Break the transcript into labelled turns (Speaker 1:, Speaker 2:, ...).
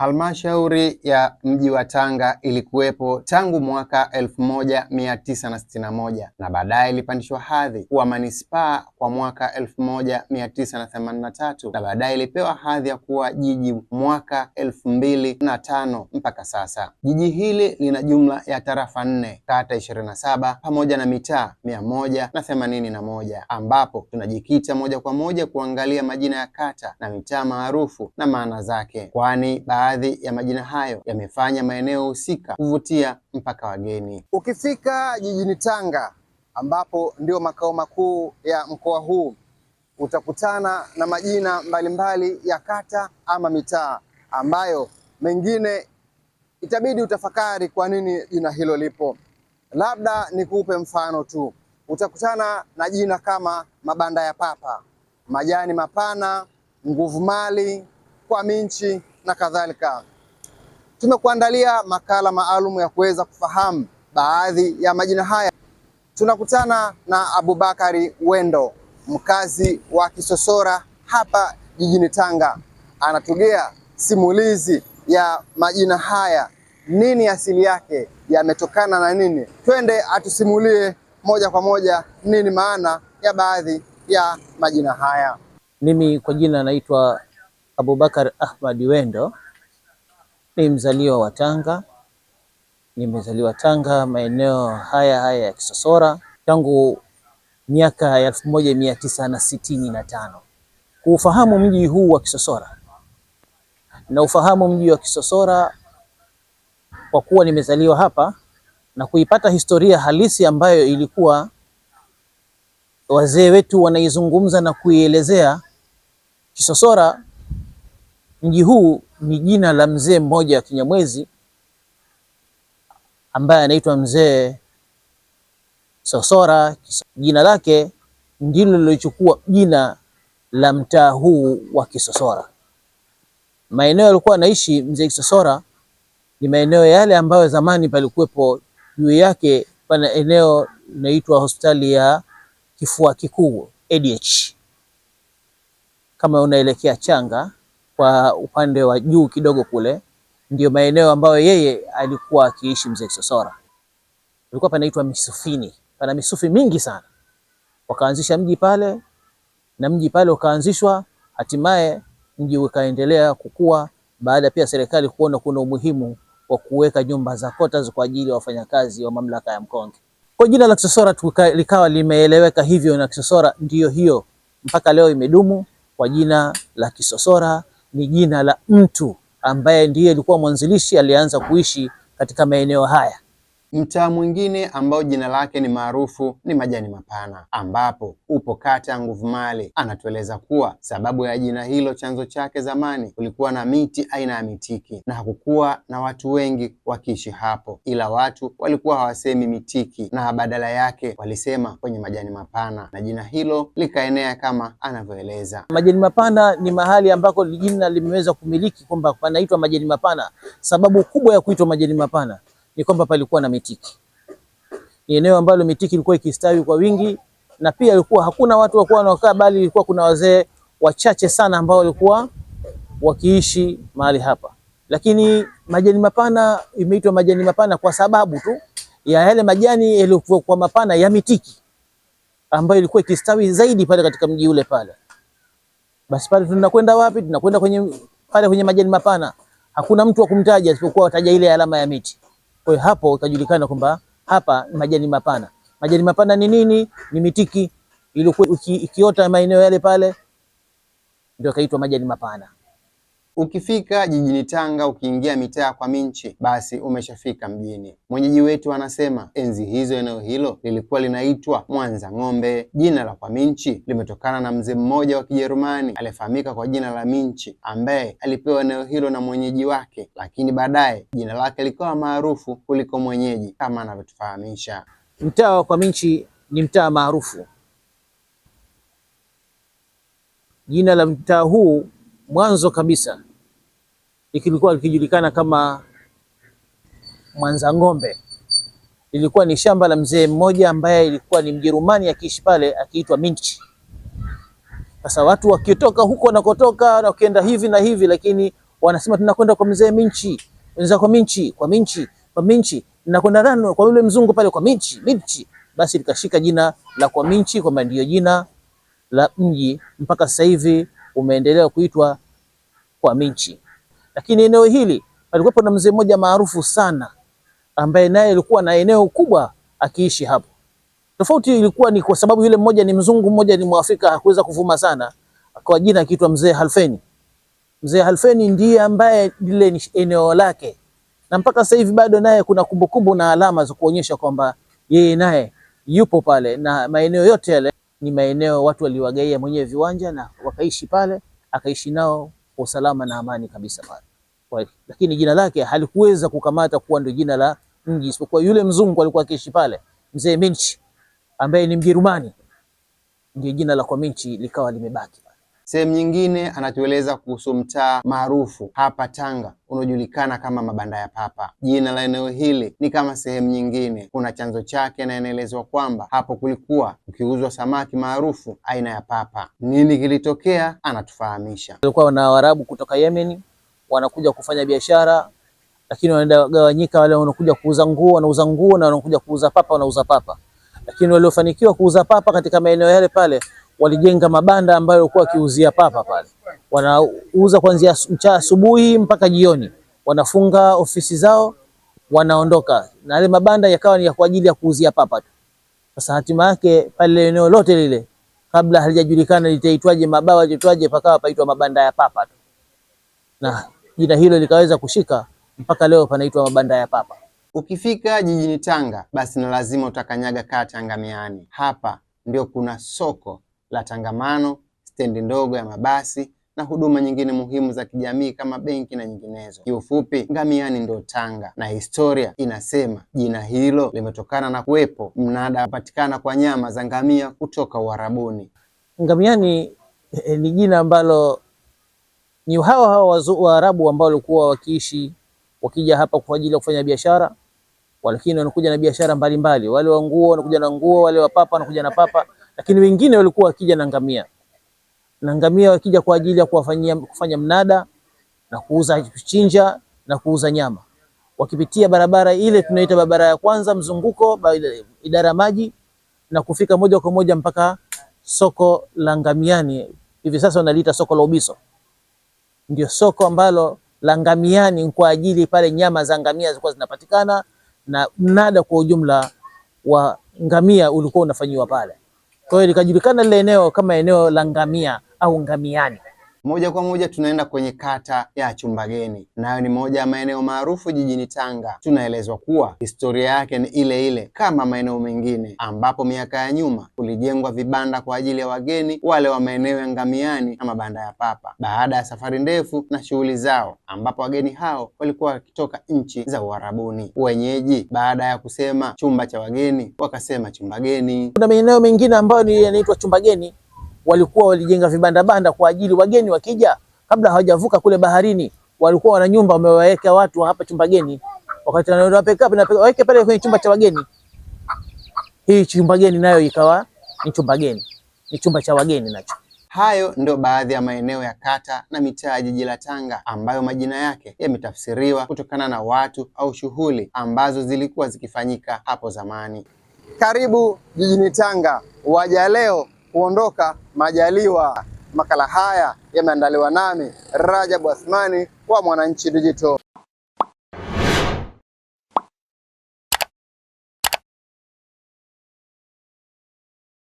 Speaker 1: Halmashauri ya mji wa Tanga ilikuwepo tangu mwaka 1961 na baadaye ilipandishwa hadhi kuwa manispaa kwa mwaka 1983 na baadaye ilipewa hadhi ya kuwa jiji mwaka 2005 mpaka sasa. Jiji hili lina jumla ya tarafa nne, kata 27 pamoja na mitaa 181 ambapo tunajikita moja kwa moja kuangalia majina ya kata na mitaa maarufu na maana zake kwani baadhi ya majina hayo yamefanya maeneo husika kuvutia mpaka wageni. Ukifika jijini Tanga ambapo ndio makao makuu ya mkoa huu, utakutana na majina mbalimbali mbali ya kata ama mitaa ambayo mengine itabidi utafakari kwa nini jina hilo lipo. Labda nikupe mfano tu, utakutana na jina kama mabanda ya papa, majani mapana, nguvu mali, kwa minchi na kadhalika. Tumekuandalia makala maalum ya kuweza kufahamu baadhi ya majina haya. Tunakutana na Abubakari Wendo, mkazi wa Kisosora hapa jijini Tanga, anatugea simulizi ya majina haya, nini asili yake, yametokana na nini? Twende atusimulie moja kwa moja nini maana ya baadhi ya majina haya.
Speaker 2: Mimi kwa jina naitwa Abubakar Ahmad Wendo ni mzaliwa wa Tanga. Nimezaliwa Tanga maeneo haya haya ya Kisosora tangu miaka ya elfu moja mia tisa na sitini na tano. Kuufahamu mji huu wa Kisosora na ufahamu mji wa Kisosora kwa kuwa nimezaliwa hapa na kuipata historia halisi ambayo ilikuwa wazee wetu wanaizungumza na kuielezea Kisosora Mji huu ni jina la mzee mmoja wa Kinyamwezi ambaye anaitwa Mzee Sosora. Jina lake ndilo lilochukua jina la mtaa huu wa Kisosora. Maeneo yalikuwa anaishi mzee Kisosora ni maeneo yale ambayo zamani palikuwepo juu yake pana eneo linaitwa hospitali ya kifua kikuu ADH, kama unaelekea Changa kwa upande wa juu kidogo kule ndio maeneo ambayo yeye alikuwa akiishi mzee Kisosora. Ilikuwa panaitwa Misufini, pana misufi mingi sana. Wakaanzisha mji pale na mji pale ukaanzishwa, hatimaye mji ukaendelea kukua, baada pia serikali kuona kuna umuhimu wa kuweka nyumba za quarters kwa ajili ya wafanyakazi wa mamlaka ya Mkonge. Kwa jina la Kisosora likawa limeeleweka hivyo, na Kisosora ndio hiyo mpaka leo imedumu kwa jina la Kisosora ni jina la mtu ambaye ndiye alikuwa mwanzilishi, alianza kuishi katika maeneo haya. Mtaa mwingine ambao jina lake ni
Speaker 1: maarufu ni Majani Mapana, ambapo upo kata ya mali Anatueleza kuwa sababu ya jina hilo, chanzo chake zamani kulikuwa na miti aina ya mitiki na hakukuwa na watu wengi wakiishi hapo, ila watu walikuwa hawasemi mitiki na badala yake walisema kwenye majani mapana, na jina hilo likaenea kama anavyoeleza.
Speaker 2: Majani Mapana ni mahali ambako jina limeweza kumiliki kwamba panaitwa Majani Mapana. Sababu kubwa ya kuitwa Majani Mapana ni kwamba palikuwa na mitiki. Ni eneo ambalo mitiki ilikuwa ikistawi kwa wingi, na pia ilikuwa hakuna watu walikuwa wanaokaa, bali ilikuwa kuna wazee wachache sana ambao walikuwa wakiishi mahali hapa. Lakini majani mapana imeitwa majani mapana kwa sababu tu ya yale majani yaliyokuwa kwa mapana ya mitiki ambayo ilikuwa ikistawi zaidi pale katika mji ule pale. Basi pale tunakwenda wapi? Tunakwenda kwenye pale kwenye majani mapana. Hakuna mtu wa kumtaja isipokuwa wataja ile alama ya miti. Kwa hiyo hapo ikajulikana kwamba hapa majani mapana. Majani mapana ni nini? Ni mitiki iliyokuwa ikiota maeneo yale pale, ndio kaitwa majani mapana. Ukifika jijini Tanga, ukiingia mitaa
Speaker 1: kwa Minchi, basi umeshafika mjini. Mwenyeji wetu anasema enzi hizo eneo hilo lilikuwa linaitwa Mwanza Ng'ombe. Jina la kwa Minchi limetokana na mzee mmoja wa Kijerumani aliyefahamika kwa jina la Minchi, ambaye alipewa eneo hilo na mwenyeji wake, lakini
Speaker 2: baadaye jina
Speaker 1: lake likawa maarufu kuliko mwenyeji, kama anavyotufahamisha.
Speaker 2: Mtaa wa kwa Minchi ni mtaa maarufu. Jina la mtaa huu mwanzo kabisa ikilikuwa likijulikana kama Mwanza Ng'ombe. ilikuwa ni shamba la mzee mmoja ambaye ilikuwa ni Mjerumani akiishi pale akiitwa Minchi. Sasa watu wakitoka huko wanakotoka na wakienda hivi na hivi, lakini wanasema tunakwenda kwa mzee Minchi, wenza kwa Minchi, kwa Minchi, kwa Minchi, nakwenda nani? Kwa yule mzungu pale, kwa Minchi, Minchi. Basi likashika jina la kwa Minchi, kwamba ndiyo jina la mji mpaka sasa hivi umeendelea kuitwa kwa michi Lakini eneo hili palikuwepo na mzee mmoja maarufu sana ambaye naye alikuwa na eneo kubwa akiishi hapo. Tofauti ilikuwa ni kwa sababu yule mmoja ni mzungu, mmoja ni Mwafrika, hakuweza kuvuma sana, akawa jina akiitwa mzee Halfeni. Mzee Halfeni ndiye ambaye lile ni eneo lake, na mpaka sasa hivi bado naye kuna kumbukumbu na alama za kuonyesha kwamba yeye naye yupo pale na maeneo yote yale ni maeneo watu waliwagaia mwenyewe viwanja na wakaishi pale, akaishi nao kwa usalama na amani kabisa pale, lakini jina lake halikuweza kukamata kuwa ndio jina la mji, isipokuwa yule mzungu alikuwa akiishi pale, mzee Minchi ambaye ni Mjerumani, ndio jina la kwa Minchi likawa limebaki.
Speaker 1: Sehemu nyingine anatueleza kuhusu mtaa maarufu hapa Tanga unaojulikana kama mabanda ya papa. Jina la eneo hili ni kama sehemu nyingine, kuna chanzo chake na inaelezwa kwamba hapo kulikuwa kukiuzwa samaki maarufu aina ya papa. Nini kilitokea?
Speaker 2: Anatufahamisha. Kulikuwa na Waarabu kutoka Yemen wanakuja kufanya biashara lakini wanagawanyika, wale wanakuja kuuza nguo wanauza nguo, na wanakuja kuuza papa wanauza papa. Lakini waliofanikiwa kuuza papa katika maeneo yale pale walijenga mabanda ambayo walikuwa wakiuzia papa pale, wanauza kuanzia mchana asubuhi mpaka jioni, wanafunga ofisi zao wanaondoka, na yale mabanda yakawa ni ya kwa ajili ya kuuzia papa tu. Sasa hatima yake pale eneo lote lile kabla halijajulikana litaitwaje, mabawa litaitwaje, pakawa paitwa mabanda ya papa tu, na jina hilo likaweza kushika
Speaker 1: mpaka leo panaitwa mabanda ya papa. Ukifika jijini Tanga, basi na lazima utakanyaga kata ya Ngamiani. Hapa ndio kuna soko la tangamano, stendi ndogo ya mabasi na huduma nyingine muhimu za kijamii kama benki na nyinginezo. Kiufupi, Ngamiani ndio Tanga, na historia inasema jina hilo limetokana na kuwepo mnada kupatikana kwa nyama za ngamia kutoka Uarabuni.
Speaker 2: Ngamiani eh, ni jina ambalo ni hawa hawa Waarabu ambao walikuwa wakiishi wakija hapa kwa ajili ya kufanya biashara, lakini wanakuja na biashara mbalimbali. Wale wa nguo wanakuja na nguo, wale wa papa wanakuja na papa lakini wengine walikuwa wakija na ngamia na ngamia wakija kwa ajili ya kuwafanyia kufanya mnada na kuuza kuchinja na kuuza nyama. Wakipitia barabara ile tunaita barabara ya kwanza mzunguko idara ya maji na kufika moja kwa moja mpaka soko la Ngamiani. Hivi sasa wanaliita soko la Ubiso, ndio soko ambalo la Ngamiani kwa ajili pale nyama za ngamia zilikuwa zinapatikana na mnada kwa ujumla wa ngamia ulikuwa unafanyiwa pale. Kwa hiyo likajulikana lile eneo kama eneo la ngamia au
Speaker 1: ngamiani. Moja kwa moja tunaenda kwenye kata ya Chumbageni, nayo ni moja ya maeneo maarufu jijini Tanga. Tunaelezwa kuwa historia yake ni ile ile kama maeneo mengine, ambapo miaka ya nyuma kulijengwa vibanda kwa ajili ya wageni wale wa maeneo ya Ngamiani na mabanda ya Papa, baada ya safari ndefu na shughuli zao, ambapo wageni hao walikuwa wakitoka nchi za Uarabuni. Wenyeji baada ya kusema chumba cha wageni wakasema
Speaker 2: Chumbageni. Kuna maeneo mengine ambayo yanaitwa Chumbageni walikuwa walijenga vibanda banda kwa ajili wageni wakija, kabla hawajavuka kule baharini, walikuwa wana nyumba wamewaweka watu hapa chumba geni, wakati wanaenda pick up na waweke pale kwenye chumba cha wageni. Hii chumba geni nayo ikawa ni chumba geni, ni chumba cha wageni nacho. Hayo ndo baadhi
Speaker 1: ya maeneo ya kata na mitaa ya jiji la Tanga ambayo majina yake yametafsiriwa kutokana na watu au shughuli ambazo zilikuwa zikifanyika hapo zamani. Karibu jijini Tanga, waja leo kuondoka Majaliwa. Makala haya yameandaliwa nami Rajabu Athmani wa Mwananchi Digital.